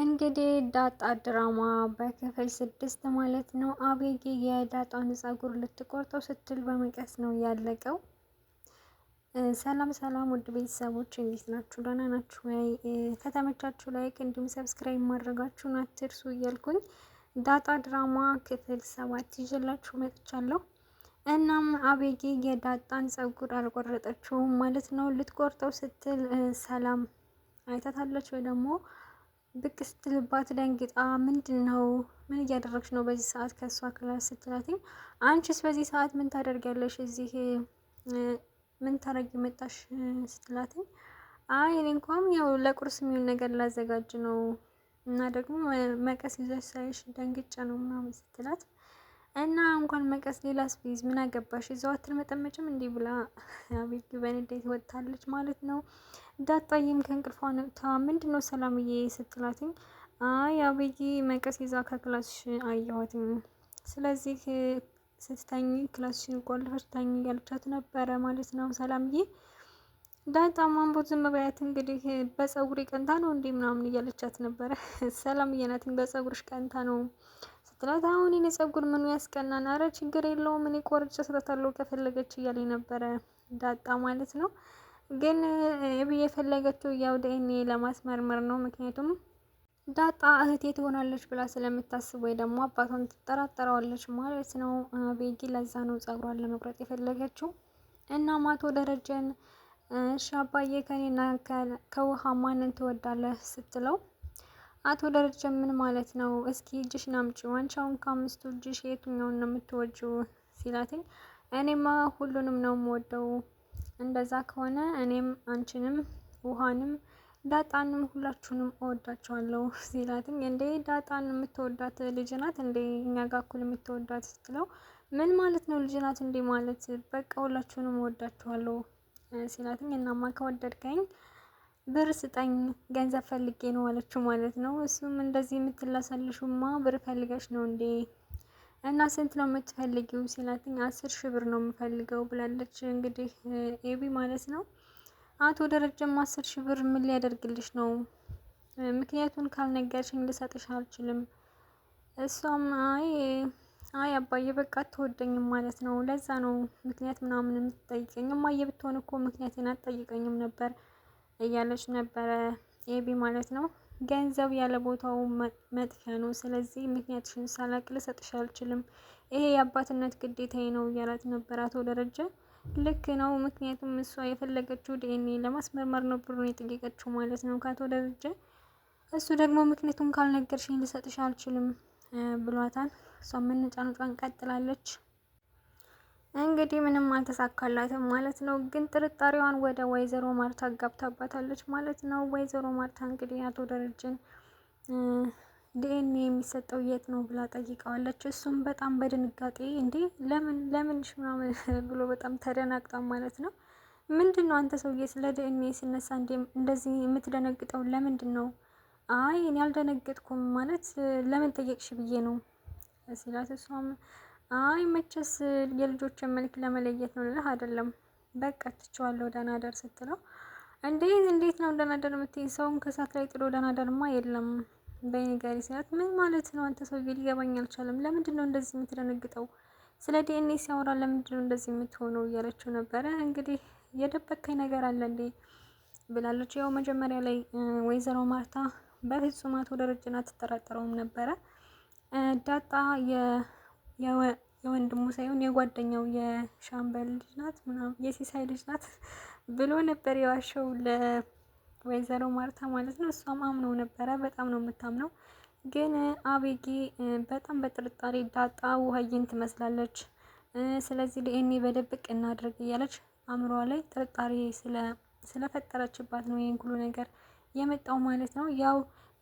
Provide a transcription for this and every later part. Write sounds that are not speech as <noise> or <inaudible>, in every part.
እንግዲህ ዳጣ ድራማ በክፍል ስድስት ማለት ነው። አቤጌ የዳጣን ጸጉር ልትቆርጠው ስትል በመቀስ ነው ያለቀው። ሰላም ሰላም፣ ውድ ቤተሰቦች እንዴት ናችሁ? ደህና ናችሁ ወይ? ከተመቻችሁ ላይክ እንዲሁም ሰብስክራይብ ማድረጋችሁን አትርሱ እያልኩኝ ዳጣ ድራማ ክፍል ሰባት ይዤላችሁ መጥቻለሁ። እናም አቤጌ የዳጣን ጸጉር አልቆረጠችውም ማለት ነው። ልትቆርጠው ስትል ሰላም አይታታለች ወይ ደግሞ ብቅ ስትልባት ደንግጣ ምንድን ነው ምን እያደረግሽ ነው በዚህ ሰዓት ከእሷ ክላስ ስትላትኝ፣ አንቺስ በዚህ ሰዓት ምን ታደርጊያለሽ እዚህ ምን ታረጊ መጣሽ ስትላትኝ፣ አይ እኔ እንኳም ያው ለቁርስ የሚሆን ነገር ላዘጋጅ ነው እና ደግሞ መቀስ ይዘሽ ሳይሽ ደንግጫ ነው ምናምን ስትላት እና እንኳን መቀስ ሌላ ስፔዝ ምን አገባሽ እዛው አትመጠመጭም እንዲህ ብላ አቤት በንዴት ወጥታለች ማለት ነው። ዳጣዬም ከእንቅልፏ ነቅታ ምንድን ነው ሰላምዬ ስትላትኝ አይ አብይ መቀስ ይዛ ከክላስሽ አየኋትኝ ስለዚህ ስትተኝ ክላስሽን ቆልፈሽ ተኝ ያልቻት ነበረ ማለት ነው ሰላምዬ። ዳጣ ማንቦ ዝም ብያት እንግዲህ በፀጉር ቀንታ ነው እንዴ ምናምን እያለቻት ነበረ። ሰላም እየናትኝ በፀጉርሽ ቀንታ ነው ስትላት አሁን የኔ ፀጉር ምኑ ያስቀናን? አረ ችግር የለውም እኔ ቆርጬ እሰጣታለሁ ከፈለገች እያለኝ ነበረ ዳጣ ማለት ነው። ግን የፈለገችው ያው ዲኤንኤ ለማስመርመር ነው። ምክንያቱም ዳጣ እህቴ ትሆናለች ብላ ስለምታስብ ወይ ደግሞ አባቷን ትጠራጠረዋለች ማለት ነው። ቤጊ ለዛ ነው ጸጉሯን ለመቁረጥ የፈለገችው። እናም አቶ ደረጀን እሺ አባዬ ከኔና ከውሃ ማንን ትወዳለህ ስትለው አቶ ደረጀ ምን ማለት ነው? እስኪ እጅሽ ናምጪ ዋንቻውን ከአምስቱ እጅሽ የትኛውን ነው የምትወጂው ሲላትኝ እኔማ ሁሉንም ነው የምወደው እንደዛ ከሆነ እኔም አንቺንም ውሃንም ዳጣንም ሁላችሁንም እወዳችኋለሁ <laughs> ሲላትም እንዴ ዳጣን የምትወዳት ልጅ ናት እንዴ እኛ ጋር እኩል የምትወዳት ስትለው ምን ማለት ነው ልጅ ናት እንዴ ማለት በቃ ሁላችሁንም እወዳችኋለሁ ሲላትም እናማ ከወደድከኝ ብር ስጠኝ ገንዘብ ፈልጌ ነው አለችው ማለት ነው እሱም እንደዚህ የምትላሳልሹማ ብር ፈልገሽ ነው እንዴ እና ስንት ነው የምትፈልጊው ሲላትኝ አስር ሺህ ብር ነው የምፈልገው ብላለች። እንግዲህ ኤቢ ማለት ነው። አቶ ደረጀም አስር ሺህ ብር ምን ሊያደርግልሽ ነው? ምክንያቱን ካልነገርሽኝ ልሰጥሽ አልችልም። እሷም አይ አይ አባዬ በቃ አትወደኝም ማለት ነው። ለዛ ነው ምክንያት ምናምን የምትጠይቀኝ። እማዬ ብትሆን እኮ ምክንያቴን አትጠይቀኝም ነበር እያለች ነበረ ኤቢ ማለት ነው። ገንዘብ ያለ ቦታው መጥፊያ ነው። ስለዚህ ምክንያትሽን ሳላቅ ልሰጥሽ አልችልም። ይሄ የአባትነት ግዴታዬ ነው እያላት ነበር አቶ ደረጀ። ልክ ነው። ምክንያቱም እሷ የፈለገችው ዲኤንኤ ለማስመርመር ነው ብሩን የጠየቀችው ማለት ነው ከአቶ ደረጀ። እሱ ደግሞ ምክንያቱም ካልነገርሽኝ ልሰጥሽ አልችልም ብሏታል። እሷ ነጫን ቀጥላለች። እንግዲህ ምንም አልተሳካላትም ማለት ነው። ግን ጥርጣሬዋን ወደ ወይዘሮ ማርታ አጋብታባታለች ማለት ነው። ወይዘሮ ማርታ እንግዲህ አቶ ደረጀን ዲኤንኤ የሚሰጠው የት ነው ብላ ጠይቀዋለች። እሱም በጣም በድንጋጤ እንዴ ለምን ለምንሽ ምናምን <laughs> ብሎ በጣም ተደናግጣ ማለት ነው። ምንድን ነው አንተ ሰውዬ ስለ ዲኤንኤ ሲነሳ እንደዚህ የምትደነግጠው ለምንድን ነው? አይ እኔ አልደነገጥኩም ማለት ለምን ጠየቅሽ ብዬ ነው ሲላት እሷም አይ መቼስ የልጆችን መልክ ለመለየት ነው ልልህ አይደለም፣ በቃ ትችዋለሁ ደናደር ስትለው እንዴ እንዴት ነው ደናደር የምትይኝ? ሰውን ከእሳት ላይ ጥሎ ደናደርማ የለም በይንገሪ ሲላት ምን ማለት ነው አንተ ሰውዬ ሊገባኝ አልቻለም። ለምንድን ነው እንደዚህ የምትደነግጠው? ስለ ዲኤንኤ ሲያወራ ለምንድን ነው እንደዚህ የምትሆነው? እያለችው ነበረ። እንግዲህ የደበካኝ ነገር አለ እንዴ ብላለች። ያው መጀመሪያ ላይ ወይዘሮ ማርታ በፍጹም አቶ ደረጀን አትጠራጠረውም ነበረ ዳጣ የወንድሙ ሳይሆን የጓደኛው የሻምበል ልጅ ናት ምናምን የሲሳይ ልጅ ናት <laughs> ብሎ ነበር የዋሸው ለወይዘሮ ማርታ ማለት ነው። እሷም አምነው ነበረ። በጣም ነው የምታምነው። ግን አቤጌ በጣም በጥርጣሬ ዳጣ ውሀዬን ትመስላለች፣ ስለዚህ ዲኤንኤ በደብቅ እናድርግ እያለች አእምሯ ላይ ጥርጣሬ ስለፈጠረችባት ነው ይህን ሁሉ ነገር የመጣው ማለት ነው። ያው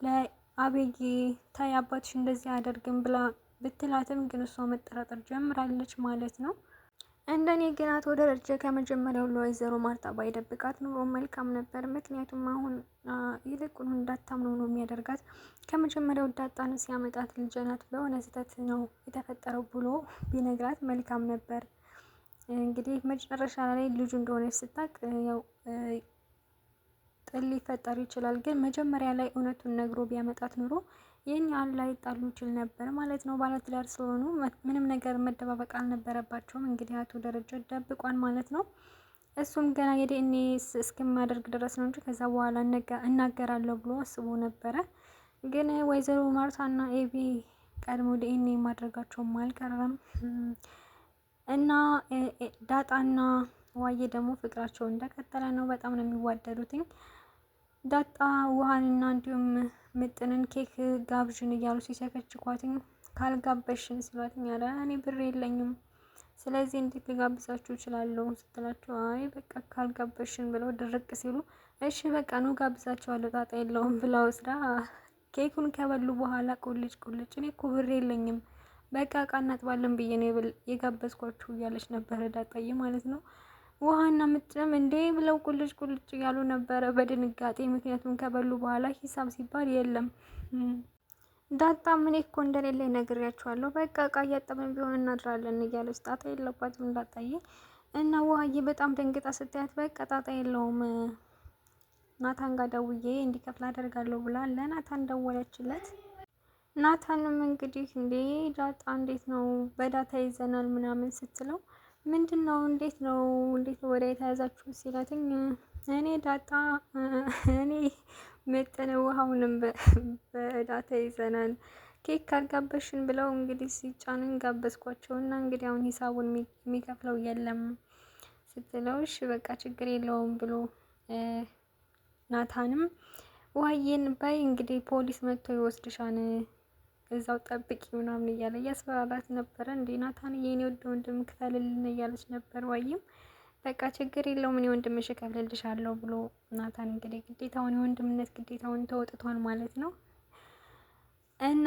ለአቤጌ ታይ አባትሽ እንደዚህ አያደርግም ብላ ብትላትም ግን እሷ መጠራጠር ጀምራለች ማለት ነው። እንደኔ ግን አቶ ደረጀ ከመጀመሪያው ለወይዘሮ ማርታ ባይደብቃት ኑሮ መልካም ነበር። ምክንያቱም አሁን ይልቁን እንዳታምኖ ነው የሚያደርጋት። ከመጀመሪያው ዳጣን ሲያመጣት ልጄ በሆነ ስህተት ነው የተፈጠረው ብሎ ቢነግራት መልካም ነበር። እንግዲህ መጨረሻ ላይ ልጁ እንደሆነች ስታቅ ያው ጥል ሊፈጠር ይችላል። ግን መጀመሪያ ላይ እውነቱን ነግሮ ቢያመጣት ኑሮ ይህን ያህል ላይጣሉ ይችል ነበር ማለት ነው። ባለትዳር ስለሆኑ ምንም ነገር መደባበቅ አልነበረባቸውም። እንግዲህ አቶ ደረጃ ደብቋል ማለት ነው። እሱም ገና የዲኤንኤ እስከማደርግ ድረስ ነው እንጂ ከዛ በኋላ እናገራለሁ ብሎ አስቦ ነበረ። ግን ወይዘሮ ማርታና ኤቢ ቀድሞ ዲኤንኤ ማድረጋቸውም አልቀረም እና ዳጣና ዋዬ ደግሞ ፍቅራቸው እንደቀጠለ ነው። በጣም ነው የሚዋደዱትኝ። ዳጣ ውሃንና እንዲሁም ምጥንን ኬክ ጋብዥን እያሉ ሲሰከችኳትኝ ካልጋበሽን ስላትኝ ኧረ እኔ ብር የለኝም ስለዚህ እንዴት ልጋብዛችሁ እችላለሁ ስትላቸው አይ በቃ ካልጋበሽን ብለው ድርቅ ሲሉ እሺ በቃ ኑ ጋብዛቸዋለሁ ጣጣ የለውም ብላ ወስዳ ኬኩን ከበሉ በኋላ ቁልጭ ቁልጭ እኔ እኮ ብር የለኝም በቃ እቃ እናጥባለን ብዬ ነው የጋበዝኳችሁ እያለች ነበረ ዳጣዬ ማለት ነው። ውሃና ምጥም እንዴ ብለው ቁልጭ ቁልጭ እያሉ ነበረ በድንጋጤ ምክንያቱም ከበሉ በኋላ ሂሳብ ሲባል የለም። ዳጣ ምን እኮ እንደሌለ ይነግሬያችኋለሁ። በቃ እቃ እያጠብን ቢሆን እናድራለን እያለች ጣጣ የለባትም ዳጣዬ። እና ውሃዬ በጣም ደንግጣ ስታያት በቃ ጣጣ የለውም ናታን ጋር ደውዬ እንዲከፍል አደርጋለሁ ብላ ለናታን ደወለችለት። ናታንም እንግዲህ እንዴ ዳጣ እንዴት ነው በዳታ ይዘናል ምናምን ስትለው ምንድን ነው እንዴት ነው እንዴት ነው ወደ የተያዛችሁ ሲላትኝ እኔ ዳጣ እኔ መጠነ ውሃውንም በዳታ ይዘናል ኬክ ካልጋበሽን ብለው እንግዲህ ሲጫንን ጋበዝኳቸው እና እንግዲህ አሁን ሂሳቡን የሚከፍለው የለም ስትለው እሺ በቃ ችግር የለውም ብሎ ናታንም ውሃዬን ባይ እንግዲህ ፖሊስ መጥቶ ይወስድሻን እዛው ጠብቂ ምናምን እያለ እያስፈራራት ነበረ። እንዴ ናታን የኔ ወደ ወንድም ክፈልልን እያለች ነበር። ወይም በቃ ችግር የለውም እኔ ወንድምሽ እከፍልልሻለሁ ብሎ ናታን እንግዲህ ግዴታውን የወንድምነት ግዴታውን ተወጥቷል ማለት ነው። እና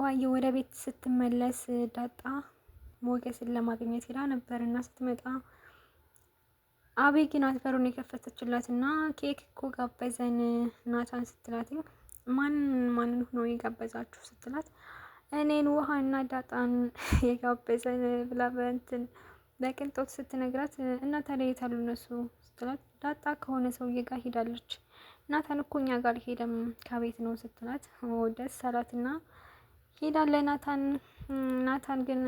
ዋዬ ወደ ቤት ስትመለስ ዳጣ ሞገስን ለማግኘት ሄዳ ነበር እና ስትመጣ አቤ ግን አትበሩን የከፈተችላት እና ኬክ እኮ ጋበዘን ናታን ስትላትኝ ማንን ማንን ሆኖ የጋበዛችሁ ስትላት እኔን ውሃና ዳጣን <laughs> የጋበዘን ብላ በእንትን በቅንጦት ስትነግራት እና ታዲያ የት አሉ እነሱ ስትላት ዳጣ ከሆነ ሰውዬ ጋር ሄዳለች ናታን እኮ እኛ ጋር ሄደም ከቤት ነው ስትላት ደስ አላት እና ሄዳለ ናታን ናታን ግን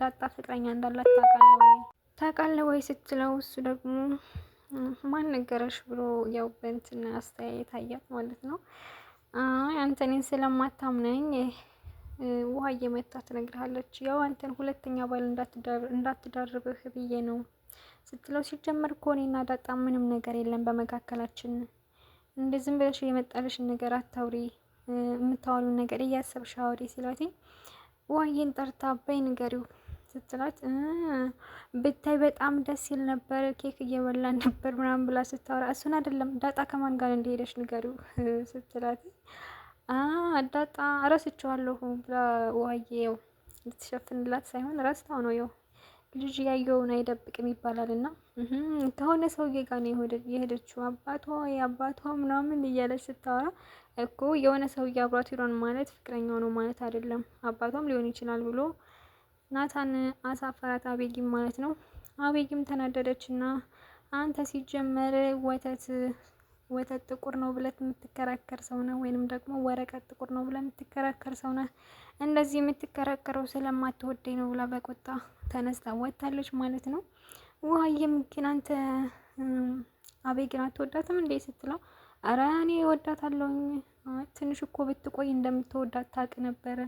ዳጣ ፍቅረኛ እንዳላት ታውቃለህ ወይ ታውቃለህ ወይ ስትለው እሱ ደግሞ ማን ነገረሽ ብሎ ያው በእንትን አስተያየት አያት ማለት ነው አይ አንተ እኔን ስለማታምነኝ ውሃ እየመታ ትነግርሃለች። ያው አንተን ሁለተኛ ባል እንዳትዳርብህ ብዬ ነው ስትለው፣ ሲጀመር እኮ እኔና ዳጣ ምንም ነገር የለም በመካከላችን። እንደ ዝም ብለሽ የመጣልሽን ነገር አታውሪ፣ የምታወሉ ነገር እያሰብሽ አውሪ ሲላትኝ ውሃዬን ጠርታ በይ ንገሪው ስትላት ብታይ በጣም ደስ ይል ነበር፣ ኬክ እየበላን ነበር ምናምን ብላ ስታወራ እሱን አይደለም ዳጣ ከማን ጋር እንደሄደች ንገሪው <laughs> ስትላት ዳጣ እረስቸዋለሁ ብላ ውሀዬ ያው ልትሸፍንላት ሳይሆን ረስታው ነው ያው ልጅ ያየውን አይደብቅም ይባላል እና ከሆነ ሰውዬ ጋር ነው የሄደችው አባቷ የአባቷ ምናምን እያለች ስታወራ እኮ የሆነ ሰውዬ አብሯት ሄዷን ማለት ፍቅረኛው ነው ማለት አይደለም አባቷም ሊሆን ይችላል ብሎ ናታን አሳፈራት አቤጊም ማለት ነው። አቤጊም ተናደደች እና አንተ ሲጀመር ወተት ወተት ጥቁር ነው ብለት የምትከራከር ሰው ነህ፣ ወይንም ደግሞ ወረቀት ጥቁር ነው ብለ የምትከራከር ሰው ነህ። እንደዚህ የምትከራከረው ስለማትወደኝ ነው ብላ በቁጣ ተነስታ ወታለች ማለት ነው። ውሃዬም ግን አንተ አቤጊን አትወዳትም እንዴ ስትለው፣ ኧረ እኔ እወዳታለሁኝ ትንሽ እኮ ብትቆይ እንደምትወዳት ታውቅ ነበረ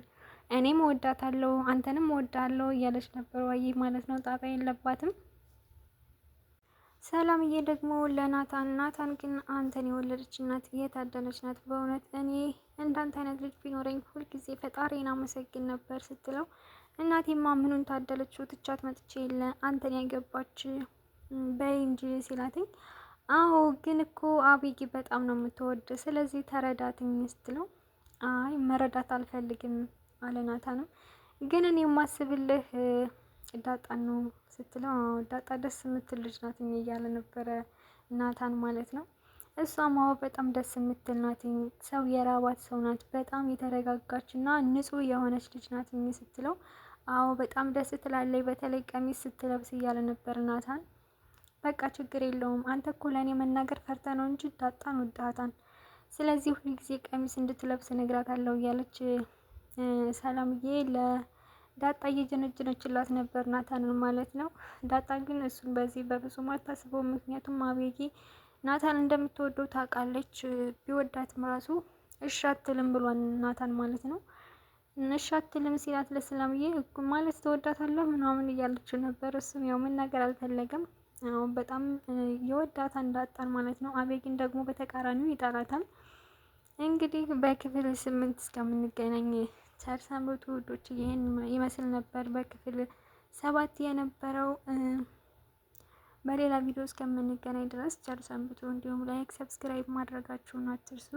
እኔም እወዳታለሁ አንተንም እወዳለሁ እያለች ነበር ወይ ማለት ነው። ጣጣ የለባትም። ሰላምዬ ደግሞ ለናታን ናታን ግን አንተን የወለደች እናት የታደለች ናት በእውነት እኔ እንዳንተ አይነት ልጅ ቢኖረኝ ሁልጊዜ ፈጣሪን አመሰግን ነበር ስትለው እናቴማ ምኑን ታደለችው ትቻት መጥቼ የለ አንተን ያገባች በይ እንጂ ሲላትኝ አዎ ግን እኮ አብይ በጣም ነው የምትወድ ስለዚህ ተረዳትኝ ስትለው አይ መረዳት አልፈልግም አለ ናታንም። ግን እኔ የማስብልህ እዳጣ ነው ስትለው ዳጣ ደስ የምትል ልጅ ናት እያለ ነበረ ናታን ማለት ነው። እሷም አዎ በጣም ደስ የምትል ናት፣ ሰው የራባት ሰው ናት፣ በጣም የተረጋጋች እና ንጹህ የሆነች ልጅ ናት ስትለው አዎ በጣም ደስ ትላለች፣ በተለይ ቀሚስ ስትለብስ እያለ ነበር ናታን። በቃ ችግር የለውም አንተ እኮ ለእኔ መናገር ፈርተ ነው እንጂ ዳጣን ወዳታን፣ ስለዚህ ሁልጊዜ ቀሚስ እንድትለብስ ነግራታለሁ እያለች ሰላምዬ ለዳጣ እየጀነጀነችላት ነበር ናታንን ማለት ነው። ዳጣ ግን እሱን በዚህ በፍጹም አታስበው። ምክንያቱም አቤጊ ናታን እንደምትወደው ታውቃለች። ቢወዳትም ራሱ እሺ አትልም ብሏል ናታን ማለት ነው። እሺ አትልም ሲላት ለሰላምዬ ማለት ተወዳታለሁ ምናምን እያለች ነበር። እሱም ያው መናገር አልፈለገም። አሁን በጣም የወዳታን እንዳጣን ማለት ነው። አቤጊን ደግሞ በተቃራኒው ይጠላታል። እንግዲህ በክፍል ስምንት እስከምንገናኝ ቸር ሰንብቱ ውዶች። ይህን ይመስል ነበር በክፍል ሰባት የነበረው። በሌላ ቪዲዮ እስከምንገናኝ ድረስ ቸር ሰንብቱ። እንዲሁም ላይክ፣ ሰብስክራይብ ማድረጋችሁን አትርሱ።